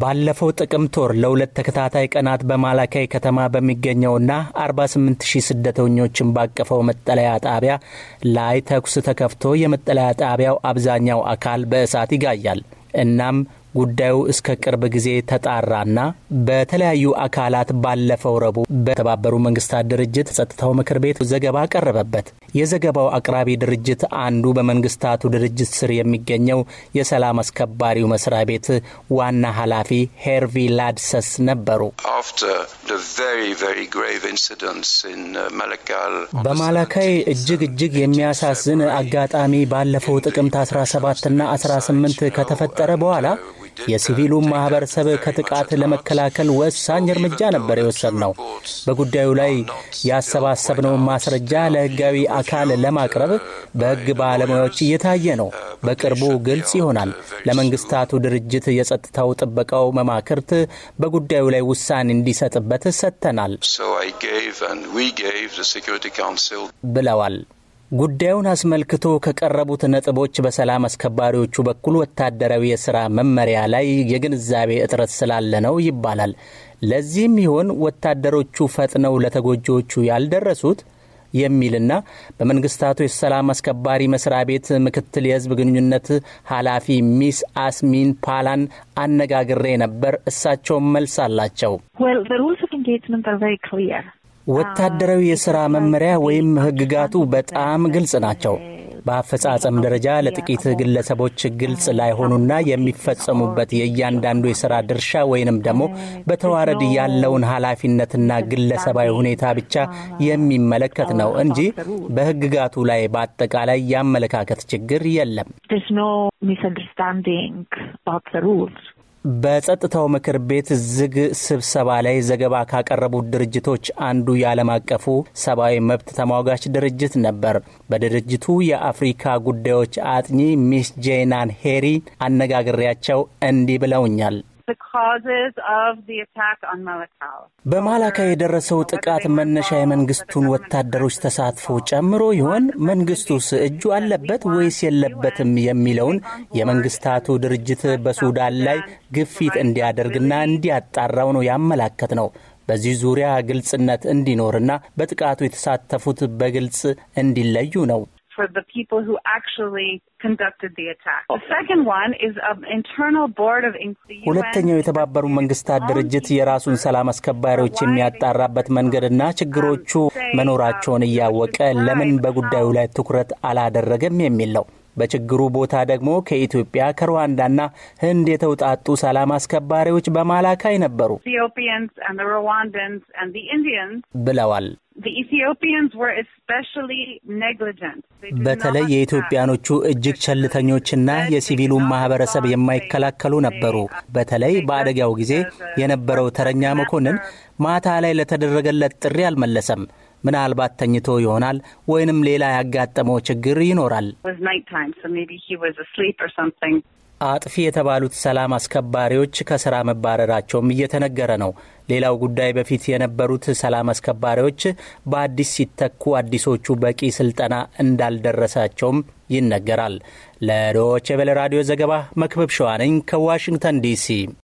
ባለፈው ጥቅምት ወር ለሁለት ተከታታይ ቀናት በማላካይ ከተማ በሚገኘውና 48 ስደተኞችን ባቀፈው መጠለያ ጣቢያ ላይ ተኩስ ተከፍቶ የመጠለያ ጣቢያው አብዛኛው አካል በእሳት ይጋያል። እናም ጉዳዩ እስከ ቅርብ ጊዜ ተጣራና በተለያዩ አካላት ባለፈው ረቡዕ በተባበሩ መንግስታት ድርጅት ጸጥታው ምክር ቤት ዘገባ ቀረበበት። የዘገባው አቅራቢ ድርጅት አንዱ በመንግስታቱ ድርጅት ስር የሚገኘው የሰላም አስከባሪው መስሪያ ቤት ዋና ኃላፊ ሄርቪ ላድሰስ ነበሩ። uh, በማላካይ እጅግ እጅግ የሚያሳዝን አጋጣሚ ባለፈው ጥቅምት 17ና 18 ከተፈጠረ በኋላ የሲቪሉን ማህበረሰብ ከጥቃት ለመከላከል ወሳኝ እርምጃ ነበር የወሰድነው። በጉዳዩ ላይ ያሰባሰብነውን ማስረጃ ለህጋዊ አካል ለማቅረብ በህግ ባለሙያዎች እየታየ ነው። በቅርቡ ግልጽ ይሆናል። ለመንግስታቱ ድርጅት የጸጥታው ጥበቃው መማክርት በጉዳዩ ላይ ውሳኔ እንዲሰጥበት ሰጥተናል ብለዋል። ጉዳዩን አስመልክቶ ከቀረቡት ነጥቦች በሰላም አስከባሪዎቹ በኩል ወታደራዊ የሥራ መመሪያ ላይ የግንዛቤ እጥረት ስላለ ነው ይባላል። ለዚህም ይሆን ወታደሮቹ ፈጥነው ለተጎጂዎቹ ያልደረሱት የሚልና በመንግስታቱ የሰላም አስከባሪ መስሪያ ቤት ምክትል የህዝብ ግንኙነት ኃላፊ ሚስ አስሚን ፓላን አነጋግሬ ነበር። እሳቸውም መልስ አላቸው። ወታደራዊ የሥራ መመሪያ ወይም ሕግጋቱ በጣም ግልጽ ናቸው። በአፈጻጸም ደረጃ ለጥቂት ግለሰቦች ግልጽ ላይሆኑና የሚፈጸሙበት የእያንዳንዱ የሥራ ድርሻ ወይንም ደግሞ በተዋረድ ያለውን ኃላፊነትና ግለሰባዊ ሁኔታ ብቻ የሚመለከት ነው እንጂ በሕግጋቱ ላይ በአጠቃላይ የአመለካከት ችግር የለም። በጸጥታው ምክር ቤት ዝግ ስብሰባ ላይ ዘገባ ካቀረቡት ድርጅቶች አንዱ የዓለም አቀፉ ሰብአዊ መብት ተሟጋች ድርጅት ነበር። በድርጅቱ የአፍሪካ ጉዳዮች አጥኚ ሚስ ጄናን ሄሪ አነጋግሬያቸው እንዲህ ብለውኛል። በማላካ የደረሰው ጥቃት መነሻ የመንግስቱን ወታደሮች ተሳትፎ ጨምሮ ይሆን? መንግስቱስ እጁ አለበት ወይስ የለበትም የሚለውን የመንግስታቱ ድርጅት በሱዳን ላይ ግፊት እንዲያደርግና እንዲያጣራው ነው ያመላከት ነው። በዚህ ዙሪያ ግልጽነት እንዲኖርና በጥቃቱ የተሳተፉት በግልጽ እንዲለዩ ነው። for the people who actually conducted the attack. The second one is an internal board of ሁለተኛው የተባበሩ መንግስታት ድርጅት የራሱን ሰላም አስከባሪዎች የሚያጣራበት መንገድና um, ችግሮቹ uh, መኖራቸውን እያወቀ ለምን በጉዳዩ ላይ ትኩረት አላደረገም የሚል ነው። በችግሩ ቦታ ደግሞ ከኢትዮጵያ ከሩዋንዳና ህንድ የተውጣጡ ሰላም አስከባሪዎች በማላካይ ነበሩ ብለዋል። በተለይ የኢትዮጵያኖቹ እጅግ ቸልተኞችና የሲቪሉን ማህበረሰብ የማይከላከሉ ነበሩ። በተለይ በአደጋው ጊዜ የነበረው ተረኛ መኮንን ማታ ላይ ለተደረገለት ጥሪ አልመለሰም። ምናልባት ተኝቶ ይሆናል ወይንም ሌላ ያጋጠመው ችግር ይኖራል። አጥፊ የተባሉት ሰላም አስከባሪዎች ከስራ መባረራቸውም እየተነገረ ነው። ሌላው ጉዳይ በፊት የነበሩት ሰላም አስከባሪዎች በአዲስ ሲተኩ አዲሶቹ በቂ ስልጠና እንዳልደረሳቸውም ይነገራል። ለዶቼ ቬለ ራዲዮ ዘገባ መክበብ ሸዋነኝ ከዋሽንግተን ዲሲ